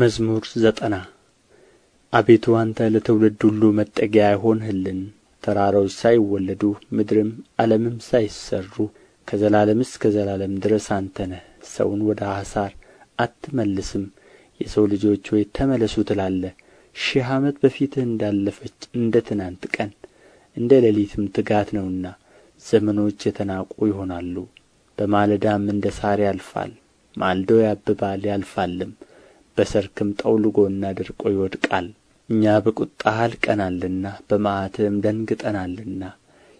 መዝሙር ዘጠና አቤቱ አንተ ለትውልድ ሁሉ መጠጊያ ሆንህልን። ተራሮች ሳይወለዱ ምድርም ዓለምም ሳይሠሩ ከዘላለም እስከ ዘላለም ድረስ አንተ ነህ። ሰውን ወደ ሐሳር አትመልስም። የሰው ልጆች ሆይ ተመለሱ ትላለህ። ሺህ ዓመት በፊትህ እንዳለፈች እንደ ትናንት ቀን እንደ ሌሊትም ትጋት ነውና ዘመኖች የተናቁ ይሆናሉ። በማለዳም እንደ ሣር ያልፋል፣ ማልዶ ያብባል ያልፋልም በሰርክም ጠውልጎና ደርቆ ይወድቃል እኛ በቍጣህ አልቀናልና በመዓትህም ደንግጠናልና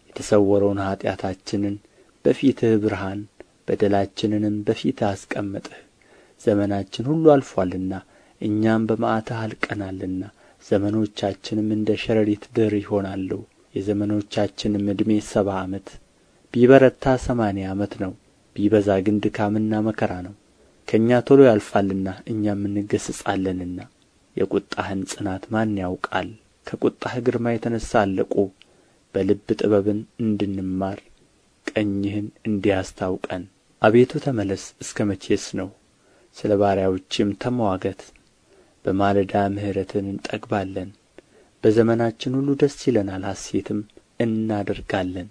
የተሰወረውን ኃጢአታችንን በፊትህ ብርሃን በደላችንንም በፊትህ አስቀመጥህ ዘመናችን ሁሉ አልፎአልና እኛም በመዓትህ አልቀናልና ዘመኖቻችንም እንደ ሸረሪት ድር ይሆናሉ የዘመኖቻችንም ዕድሜ ሰባ ዓመት ቢበረታ ሰማንያ ዓመት ነው ቢበዛ ግን ድካምና መከራ ነው ከእኛ ቶሎ ያልፋልና እኛም እንገሥጻለንና። የቁጣህን ጽናት ማን ያውቃል ከቁጣህ ግርማ የተነሣ አለቁ በልብ ጥበብን እንድንማር ቀኝህን እንዲያስታውቀን አቤቱ ተመለስ እስከ መቼስ ነው ስለ ባሪያዎችም ተመዋገት። በማለዳ ምሕረትን እንጠግባለን በዘመናችን ሁሉ ደስ ይለናል ሐሴትም እናደርጋለን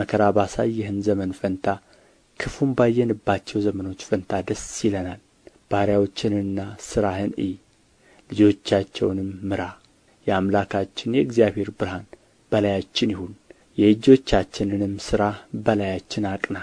መከራ ባሳየህን ዘመን ፈንታ ክፉን ባየንባቸው ዘመኖች ፈንታ ደስ ይለናል ባሪያዎችህንና ሥራህን እይ ልጆቻቸውንም ምራ የአምላካችን የእግዚአብሔር ብርሃን በላያችን ይሁን የእጆቻችንንም ሥራ በላያችን አቅና